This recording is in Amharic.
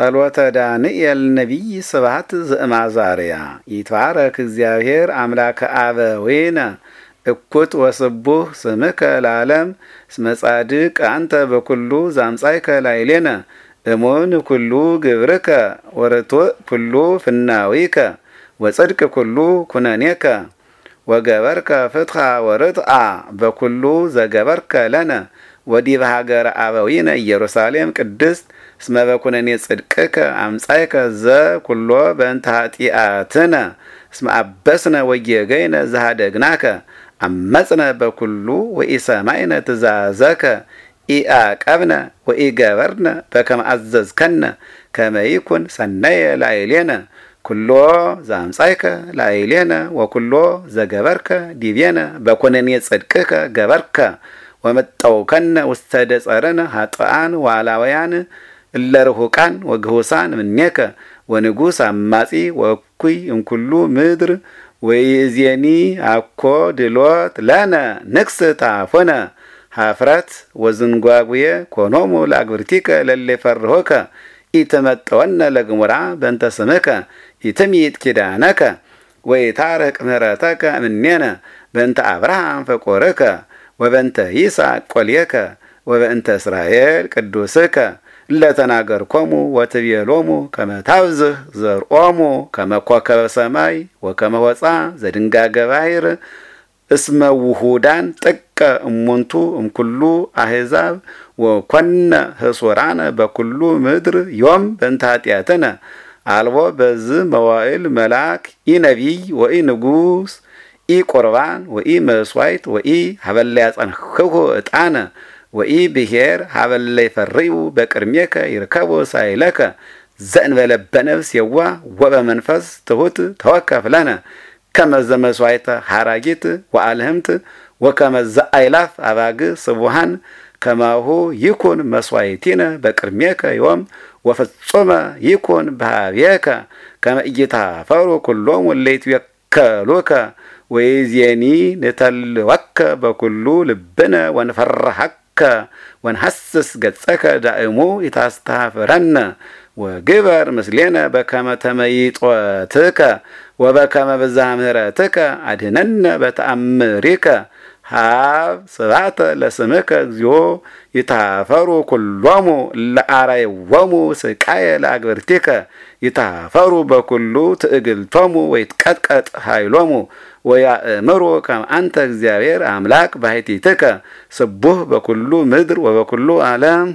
ጸሎተ ዳንኤል ነቢይ ስብሐት ዘእማዛርያ ይትባረክ እግዚአብሔር አምላከ አበ ወይነ እኩት ወስቡህ ስምከ ለዓለም እስመ ጻድቅ አንተ በኩሉ ዛምጻይከ ላዕሌነ እሙን ኩሉ ግብርከ ወርቱዕ ኩሉ ፍናዊከ ወጽድቅ ኩሉ ኩነኔከ ወገበርከ ፍትኻ ወርትዓ በኩሉ ዘገበርከ ለነ ወዲበ ሀገረ አበዊነ ኢየሩሳሌም ቅድስት እስመ በኩነኔ ጽድቅከ አምጻይከ ኩሎ በእንተ ኃጢአትነ እስመ አበስነ ወጌገይነ ዘሃደግናከ አመጽነ በኩሉ ወኢሰማይነ ትዛዘከ ኢአቀብነ ወኢገበርነ በከመ አዘዝከነ ከመይኩን ይኩን ሰነየ ላዕሌነ ኩሎ ዘአምጻይከ ላዕሌነ ወኩሎ ዘገበርከ ዲቤነ በኮነኔ ጽድቅከ ገበርከ ከነ ውስተ ደጸረነ ሀጥኣን ዋላውያን እለ ርሁቃን ወግሁሳን ምኔከ ወንጉስ አማጺ ወኩይ እንኩሉ ምድር ወይእዜኒ አኮ ድሎት ለነ ንቅስት አፎነ ሀፍረት ወዝንጓጉየ ኮኖሙ ለአግብርቲከ ለለ ፈርሆከ ኢተመጠወነ ለግሙራ በእንተ ስምከ ኢትምይት ኪዳነከ ወይታርቅ ምህረተከ እምኔነ በእንተ አብርሃም ፈቆርከ ወበእንተ ይስሐቅ ቆልየከ ወበእንተ እስራኤል ቅዱስከ ለተናገርኮሙ ወትቤሎሙ ከመታብዝህ ዘርኦሙ ከመኮከበ ሰማይ ወከመወፃ ዘድንጋገ ባሕር እስመ ውሁዳን ጥቀ እሙንቱ እምኩሉ አሕዛብ ወኮነ ህሱራነ በኩሉ ምድር ዮም በእንተ ኃጢአትነ አልቦ በዝ መዋእል መልአክ ኢነቢይ ወኢንጉሥ ኢ ቁርባን ወኢ መስዋይት ወኢ ሀበለ ያጸንሕክሁ እጣነ ወኢ ብሄር ሀበለ ይፈርዩ በቅድሜከ ይርከቦ ሳይለከ ዘእንበለ በነፍስ የዋ ወበመንፈስ ትሑት ተወከፍለነ ከመዘ መስዋይተ ሐራጊት ወአልህምት ወከመዘ አይላፍ አባግ ስቡሃን ከማሁ ይኩን መስዋይቲነ በቅድሜከ ዮም ወፍጹመ ይኩን በሃብየከ ከመ ኢይትሃፈሩ ኩሎሙ እለ ይትወከሉከ ወይዜኒ ንተልወከ በኩሉ ልብነ ወንፈርሐከ ወንሐስስ ገጸከ ዳእሙ ይታስተሃፍረነ ወግበር ምስሌነ በከመ ተመይጦትከ ወበከመ ብዝሃ ምህረትከ አድህነነ በተአምሪከ ሀብ ስባተ ለስምከ እግዚኦ ይታፈሩ ኩሎሙ ለአራይወሙ ስቃየ ለአግብርቲከ ይታፈሩ በኩሉ ትእግልቶሙ ወይትቀጥቀጥ ኃይሎሙ ወያእምሮ ከም አንተ እግዚአብሔር አምላክ ባሕቲትከ ስቡህ በኩሉ ምድር ወበኩሉ ዓለም